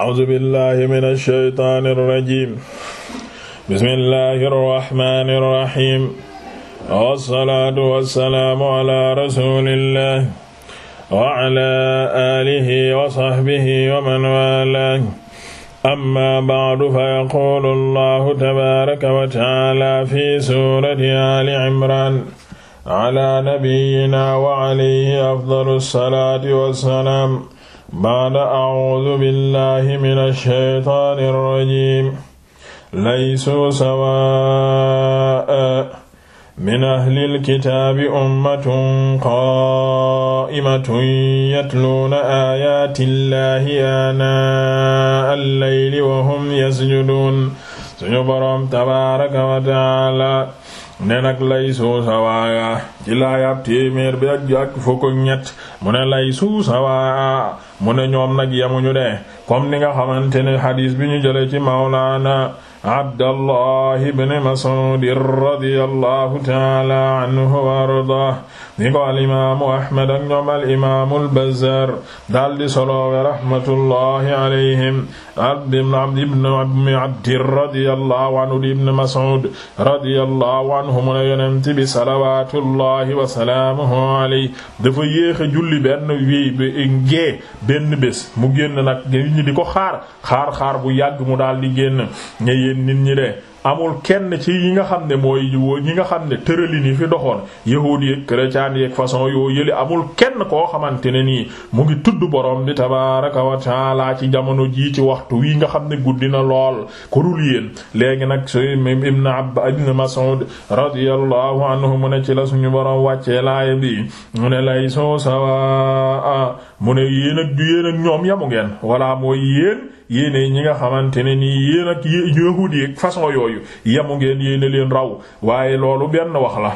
a'uuzu billahi mina shaytaani rajiim bismillahi rahmaani rahiim wassalaatu wassalaamu ala rasuulillah wa ala aalihi wa sahbihi wa man waalaahu amma ba'du fa yaquulu allahu tabaaraka wa ta'aala fi suurati aali imraan ala nabiyyinaa wa alayhi afdalu salaati wassalaam baada audu billahi min alsheytaani alrajim laysuu sawaa min ahli alkitaabi ummatun qaa'imatun yatluuna aayaati llahi aanaa allayli wa hum yasjuduun suñu boroom tabaaraka wa taala ne nag lay suu sawaaya ci laayab téeméer bi ak ak fukk ak mu ne lay suu sawaaya mu ñoom nag yemuñu de comme ni nga xamante ne xadiis bi ñu jële ci mawlaana abdallah ibn mas'ud radiyallahu taala anhu wa ni ko al imaamu ahmad ak ñoom al imaamu al bazzar daal di soloowe rahmatullahi alayhim abdir radiyallahu anhu di ibn mas'ud radiyallahu anhu mu ne yonent bi salawatullahi wa salaamuhu alayhi yéex a julli benn wi mu génn nag nit ñi di ko xaar xaar xaar bu yàgg mu daal di génn ñe yéen nit ñi amul kenn ci yi nga xam ne mooy yi nga xam ne tëralin yi fi doxoon yahuud yeeg chrétien yeeg façon yoo yële amul kenn koo xamante ne nii mu ngi tudd borom bi tabaaraka wa taala ci jamono jii ci waxtu wii nga xam ne guddi na lool ku dul yéen léegi nag suy ibn abba ibn mas'ud radiyallahu anhu mu ne ci la suñu borom wàccee laaya bi mu ne lay soo sawa mu ne yéen ak ñoom yamu ngeen wala mooy yéen yéene ñi nga xamante ne nii yéen ak yahuud façon yooyu yooyu yamu ngeen yéene leen raw waaye loolu benn wax la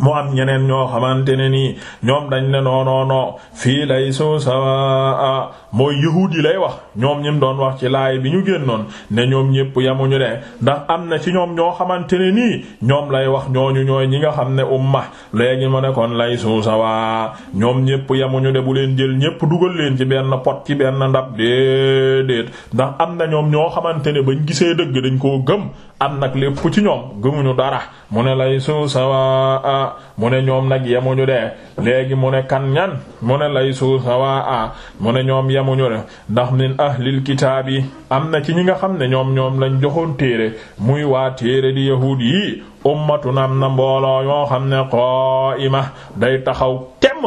mu am ñeneen ñoo xamante ne nii ñoom dañ ne non non non fii lay soo sawa mooy yahuud yi lay wax ñoom ñim doon wax ci laay bi ñu génnoon ne ñoom ñépp yamuñu ne ndax am na ci ñoom ñoo xamante ne nii ñoom lay wax ñooñu ñooy ñi nga xam ne umma léegi ma ne kon lay soo sawa ñoom ñépp yamuñu de bu leen jël ñépp dugal leen ci benn pot ci benn ndab déedéet ndax am na ñoom ñoo xamante ne bañ gisee dëgg dañ koo gëm am nag lépp ci ñoom gëmuñu dara mu ne lay soo a ne ñoom nag yemuñu de léegi mu ne kan ñan mu ne laysu sawaa mu ne ñoom yemuñu de ndax min ahlil kitaab yi am na ci ñi nga xam ne ñoom ñoom lañ joxoon téere muy waa téere di yahuud yi ummatun am na mbooloo yoo xam ne ma day taxaw temm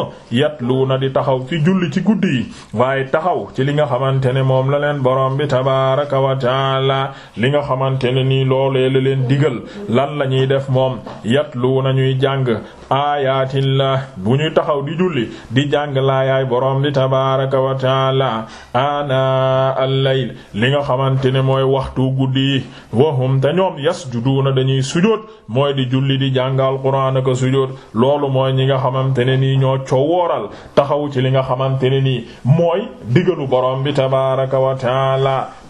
na di taxaw ci julli ci guddi yi waaye taxaw ci li nga xamante ne moom la leen borom bi tabaaraka wa li nga xamante ne nii loolee la leen digal lan la ñuy def moom yatluuna ñuy jàng ayatillah bu ñuy taxaw di julli di jàng laayaay borom di tabaraka wa taala ana al-layl li nga xamante ne mooy waxtu guddi wahum te ñoom yasjuduuna dañuy sujoot mooy di julli di jàng alquran ak sujoot loolu mooy ñi nga xamante ne nii ñoo coowooral taxaw ci li nga xamante ne nii mooy digalu borom bi tabaraka wa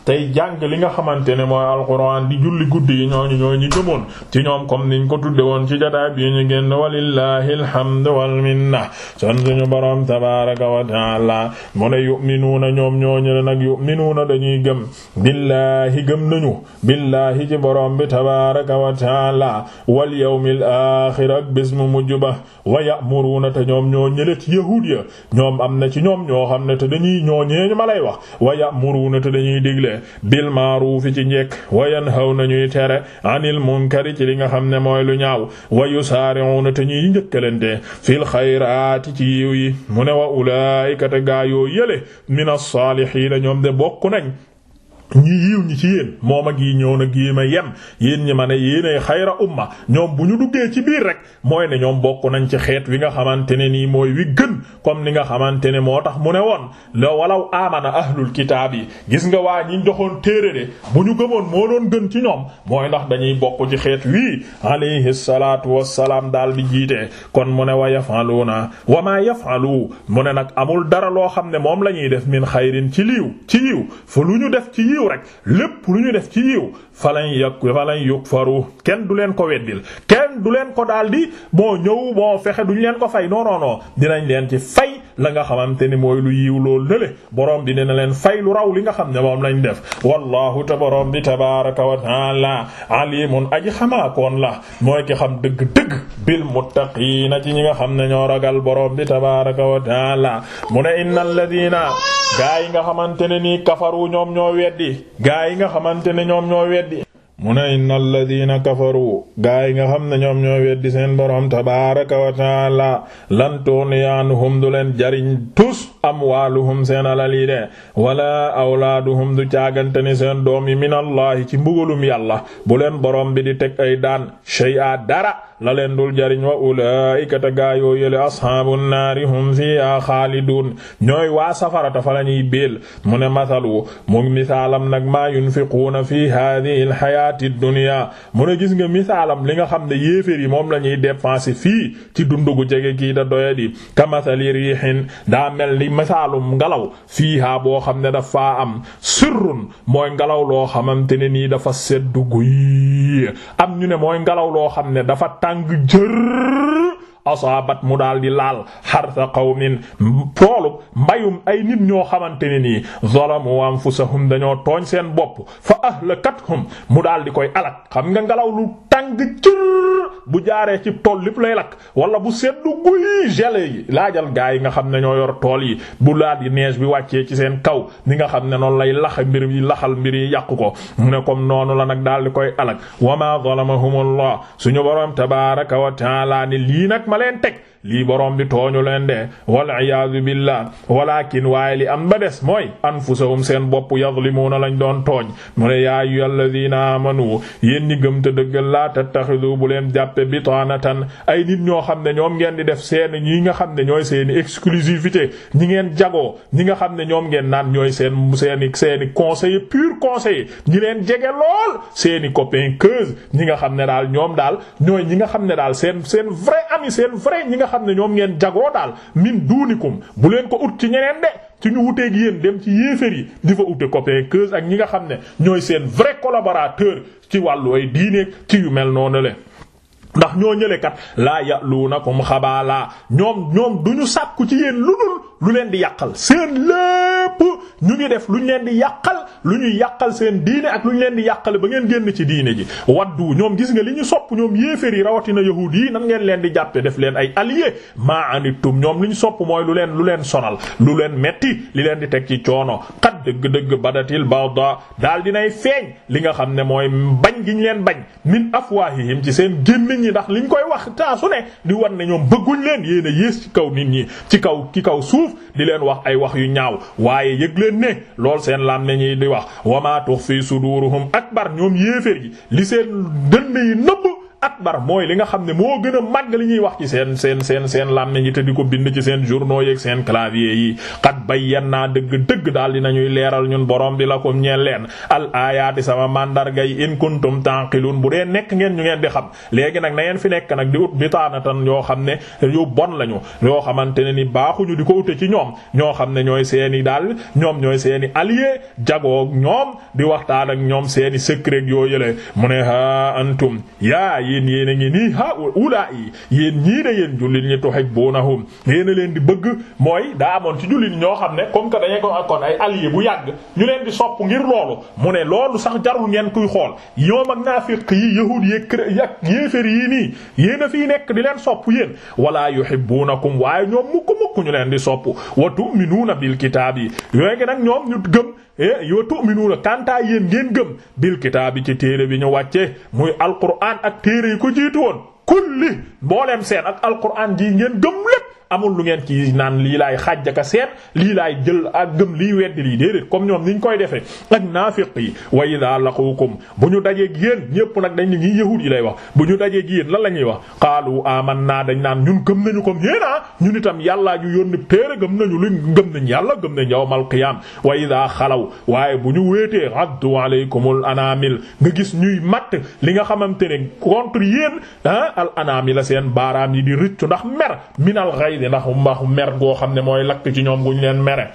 tey jàng li nga xamante ne mooy alquran di julli guddi yi ñooñu ñoo ñu gëmoon ci ñoom comme niñ ko tudde woon ci jotaay bi ñu génn walillahi alhamdu wal minna son suñu borom tabaraka wa taala mu ne yu'minuuna ñoom ñooñu nag yu'minuuna dañuy gëm billaahi gëm nañu billaahi ci borom bi tabaraka wa taala wal yawmil aaxir ak bés mu mujj ba wa ya'muruuna te ñoom ñoo ñële ci yahuud ya ñoom am na ci ñoom ñoo xam ne te dañuy ñoo ñeeñu ma lay wax digle digle bil ma'rufi ci njekk wa yanhawna ñuy tere anil munkari ci li nga xam ne mooy lu ñaaw wa yusaari'una te ñuy njëkkalante fil xayraati ci yiw yi mu ne wa ulaa'ika te gaa yoo yële mina saalihiina ñoom de bokk nañ ñi yiw ñi ci yéen moom ak yi ñëw na gi ma yem yéen ñi ma ne yéenay xayra umma ñoom bu ñu duggee ci biir rek mooy ne ñoom bokk nañ ci xeet wi nga xamante ne nii mooy wi gën comme ni nga xamante ne moo tax mu ne woon la walaw amana ahlul kitaab yi gis nga waa ñi joxoon téere de bu ñu gëmoon moo doon gën ci ñoom mooy ndax dañuy bokk ci xeet wii alayhi salaatu wassalaam daal di jiite kon mu ne wa yafaluuna wa maa yafalu mu ne nag amul dara loo xam ne moom la ñuy def min xayrin ci ci yiw ci yiw rek lépp lu ñu def ci yiw falan yukfaru kenn du leen ko weddil kenn du leen ko daldi boo ñëw boo fexe duñ leen ko fay non non non dinañ leen ci fay la nga xamante ni mooy lu yiw loolu lële borom bi dina leen fay lu raw li nga xam ne moom lañ def wallahu te borom bi tabaraka wa taala alimun aji xamaakoon la mooy ki xam dëgg-dëgg bil muttaqiina ci ñi nga xam ne ñoo ragal borom bi tabaraka wa mu ne innal ladina gaa yi nga xamante nii kafaru ñoom ñoo weddi weddi gaa yi nga xamante ne ñoom ñoo weddi mu ne inna alladina kafaru gaa yi nga xam ne ñoom ñoo weddi seen borom tabaaraka wa taala lan tughni anhum du leen jariñ tus amwaaluhum seen alal yi de wala awlaaduhum du caagante ni seen doom yi minallahi ci mbugalum yàlla bu leen borom bi di teg ay daan shay'a dara la leen dul jariñ wa ulaa'ika te gaayoo yële ashaabun naari hum fiihaa xaaliduun ñooy waa safarata fa la ñuy beel mu ne masalu mu ngi misaalam nag maa yunfiquuna fi haadihi alxayaati dunya mu ne gis nga misaalam li nga xam ne yéeféer yi moom la ñuy dépenser fii ci dundu gu jege kii da doya di kamasali riihin daa misaalum ngelaw fiihaa boo xam ne dafa am sirrun mooy ngelaw loo xamante ne nii dafa seddu guy am ñu ne mooy ngelaw loo xam ne dafa tàng jër asaabat mu daal di laal xarsa qawmin toolub mbayum ay nit ñoo xamante ne nii zalamu anfusahum dañoo tooñ seen bopp fa ahlakathum mu daal di koy alak xam nga ngelaw lu tàng cër bu jaaree ci tool lépp lay lakk wala bu seddu guy gelé yi laajal gaa yi nga xam ne ñoo yor tool yi bu laal di nees bi wàccee ci seen kaw ni nga xam ne noonu lay lax mbir yi laxal mbir yi yàqu ko mu ne comme noonu la nag daal di koy alak wa ma zalamahumullah suñu borom tabaaraka wa ta'ala ni ma leen teg lii borom bi tooñu leen de wal iyaadu billah walakin waaye li am ba des mooy anfusahum seen bopp yazlimuuna lañ doon tooñ mu ne yaa ayyuhalladhiina aamanu yéen ñi gëm te dëggal laa tattaxidu bu leen jàppe bitaanatan ay nit ñoo xam ne ñoom ngeen di def seen ñi nga xam ne ñooy seen exclusivité ñi ngeen jagoo ñi nga xam ne ñoom ngeen naan ñooy seen seeni seeni conseiller pur conseiller ñi leen jege lool seeni copain keuse ñi nga xam ne daal ñoom daal seen vrai ñi nga xam ne ñoom ngeen jagoo daal min duunikum bu leen ko ut ci ñeneen de ci ñu wuteeg yéen dem ci yéeféer yi di fa ute copain keuse ak ñi nga xam ne ñooy seen vrai collaborateur ci wàllu ay diineeg ci yu mel noonu le ndax ñoo ñëlekat laa na ko mu xabaalaa ñoom ñoom du ñu sàkku ci yéen lu dul lu leen di yàqal seen lé ñépp ñu ngi def lu ñu leen di yàqal lu ñuy yàqal seen diine ak lu ñu leen di yàqale ba ngeen génn ci diine ji waddu ñoom gis nga li ñu sopp ñoom yéeféer yi rawatina yahuud yi nan ngeen leen di jàppe def leen ay alliés maa anittum ñoom li ñu sopp mooy lu leen lu leen sonal lu leen metti li leen di teg ci coono xat dëgg-dëgg badatil bada daal di nay feeñ li nga xam ne mooy bañ gi ñu leen bañ min afwaahihim ci seen gémmiñ yi ndax liñ koy wax taa su ne di wan ne ñoom bëgguñ leen yéena yées ci kaw nit ñi ci kaw ci kaw suuf di leen wax ay wax yu ñaaw waaye yëg leen ne lool seen làmmiñ yi di wax wa maa tux fii suduuruhum akbar ñoom yéeféer yi li seen dënn yi nëbb akbar mooy li nga xam ne moo gën a li ñuy wax ci seen seen seen seen làmmiñ yi te di ko bind ci seen journaux yeeg seen clavier yi xat bayyannaa dëgg dëgg daal ñuy leeral ñun boroom bi la ko ñeel leen al aayaati sama mandarga yi in kuntum taqilun bu dee nekk ngeen ñu ngeen di xam léegi nag na ngeen fi nekk nag di ut bitaanatan yoo xam ne yu bon lañu yoo xamante ne ni baaxuñu di ko ute ci ñoom ñoo xam ne ñooy seeni daal ñoom ñooy seeni allié jagoo ñoom di waxtaan ak ñoom seeni secret yoo yële mu ne ha antum yaa yéen yéen a ngi nii ha ulaa yéen ñii de yéen jullit ñi tuhibbunahum yéen leen di bëgg mooy daa amoon ci jullit ñoo xam ne comme que da ko akoon ay alliés bu yàgg ñu leen di sopp ngir loolu mu ne loolu sax jarul ngeen kuy xool yoom ak naafiq yi yahuud yi ak yéefér yii nii yéen a fiy nekk di leen sopp yéen wala yuhibbunakum waaye ñoom mukk mukk ñu di sopp wa tu'minuuna bil kitaabi yooyu ñoom ñu gëm eh yoo tu'minuuna kantaa yéen ngeen gëm bil kitaabi ci téere bi ñu wàcce muy alquraan ak téere yi ku jiitu woon kulli mboolem seen ak alquraan ji ngeen gëm lépp amul lu ngeen ci naan lii laay xàjjaka seet lii laay jël ak gëm lii weddi lii déedéet comme ñoom niñ koy defee ak naafiq yi wa idha laqukum bu ñu dajee ak yéen ñépp nag dañ ñi yahuud yi lay wax bu ñu dajee ak yéen lan la ñuy wax qaalu naa dañ naan ñun gëm nañu ko yéen a ñun itam yàllaa ñu yónni téere gëm nañu lu gëm nañ yàlla gëm nañ yawmal qiyaam wa idha xalaw waaye bu ñu wéetee addu alaykumul anamil nga gis ñuy matt li nga xamante ne contre yéen ah la seen baaraam yi di ndax mu mer goo xam ne mooy lakk ci ñoom gu ñu leen mere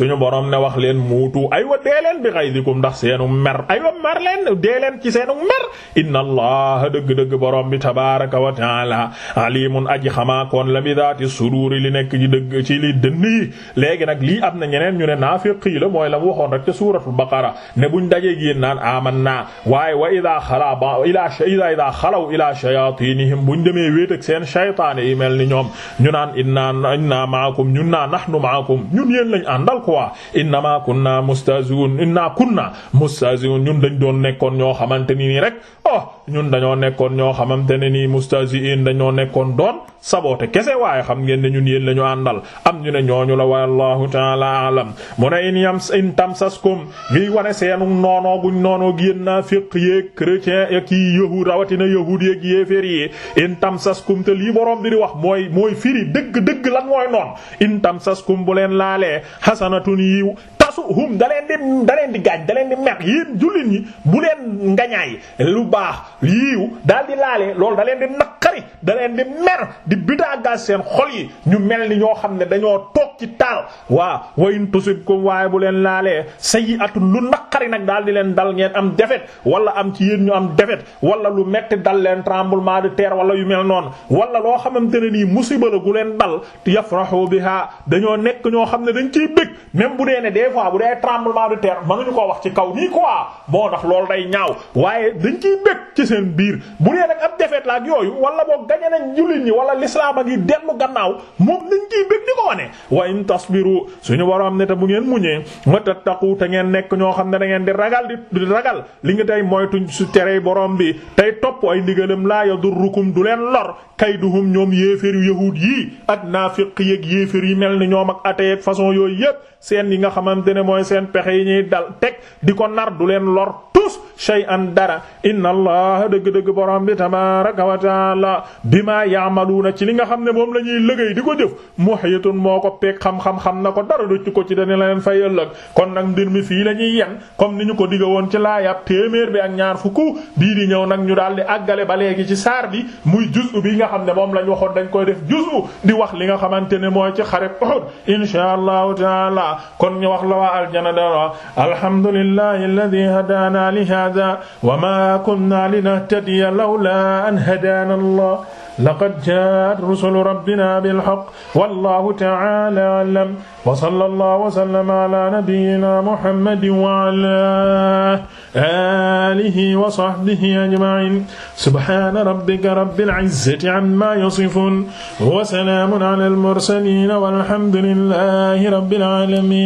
suñu borom ne wax leen muutu aywa dee leen bi ghaydikum ndax seenu mer aywa mer leen dee leen ci seenu mer inna allah dëgg-dëgg borom bi tabaaraka wa taala alimun aji xamaakoon la bi daati suruuri li nekk ci dëgg ci li dënn yi léegi nag lii am na ñeneen ñu ne naafiq yi la mooy la mu waxoon rek te suuratul baqara ne buñ dajee gi naan amanna waaye wa idaa xalaa ba ilaa idaa idaa xalaw ilaa shayaatiinihim buñ demee wéet ak seen shaytaan yi mel ni ñoom ñu naan inna inna ma'akum ñun naa nahnu ma'akum ñun yeen lañ àndal quoi innama kunna mustahzi'un inna kunna mustahzi'un ñun dañ doon nekkoon ñoo xamante ni nii rek oh ñun dañoo nekkoon ñoo xamante ne nii mustaziin dañoo nekkoon doon saboote kese waaye xam ngeen ne ñun yéen la àndal am ñu ne ñooñu la wallahu taala alam mu ne in yams in tamsaskum ngiy wane seenu noonoo guñ noonoo gi yéen naa féq yéeg chrétien ak yi rawatina yahud yéeg yéeféer yi in tamsaskum te lii boroom bi di wax mooy mooy firi dëgg dëgg lan mooy noon in tamsaskum bu leen laalee hasanatun yiw tasuhum da leen di da leen di gaañ da leen mer yéen jullit ñi bu leen ngañaay lu baax yiiw daal di laale lool da leen di naqari da leen di mer di bidaagal seen xol yi ñu mel ni ñoo xam ne dañoo toog ci taal waaw wa in ko waaye bu leen laalee sayyi'atun lu naqari nag daal di leen dal ngeen am defet wala am ci yéen ñu am defet wala lu metti dal leen trambulement de terre wala yu mel noonu wala loo xamante ne nii musiba la gu leen dal yafrahu biha dañoo fois bu dee tremblement de terre mënuñu koo wax ci kaw nii quoi bon ndax loolu day ñaaw waaye dañ ciy bëgg ci seen biir bu dee nag ab défaite la ak yooyu wala boo gañe nañ jullit ñi wala l'islam a ngi dellu gannaaw mu dañ ciy bëgg di ko wane wa in tasbiru suñu waroom ne te bu ngeen muñee wa tattaqu te ngeen nekk ñoo xam ne dangeen di ragal di ragal li nga tey moytuñ su terey boroom bi tey topp ay ndigalam laa yadurrukum du leen lor kayduhum ñoom yéeféru yahuud yi ak naafiq yéeg yi mel ni ñoom ak ateyeeg façon yooyu yépp seen yi nga xamante xamante ne mooy seen pexe yi ñuy dal teg di ko nar du leen lor tus shay'an dara inna allaha dëgg-dëgg borom bi tabaraka wa taala bima na ci li nga xam ne moom la ñuy liggéey di ko def muhitun moo ko peeg xam-xam xam na ko dara ducc ko ci dana leen fay ëllëg kon nag mbir mi fii la ñuy yen comme ni ñu ko digga woon ci laayab téeméer bi ak ñaar fukku bii di ñëw nag ñu daal di àggale ba léegi ci saar bi muy juzu bi nga xam ne moom lañu waxoon dañ koy def juzu di wax li nga xamante ne mooy ci xareb Uhud insha allahu taala kon ñu wax la waa haadaa wa maa kunnaa linahtadiya lawlaa an hadaana Allah laqad jaa'at rusulu rabbinaa bil-haqq wallaahu ta'aalaa a'lam wa sallallaahu wa sallama alaa nabiyyinaa Muhammadin wa alaa aalihi wa sahbihi ajma'iin subhaana rabbika rabbil izzati ammaa yasifuun wa salaamun alal mursaliin walhamdu lillaahi rabbil aalamiin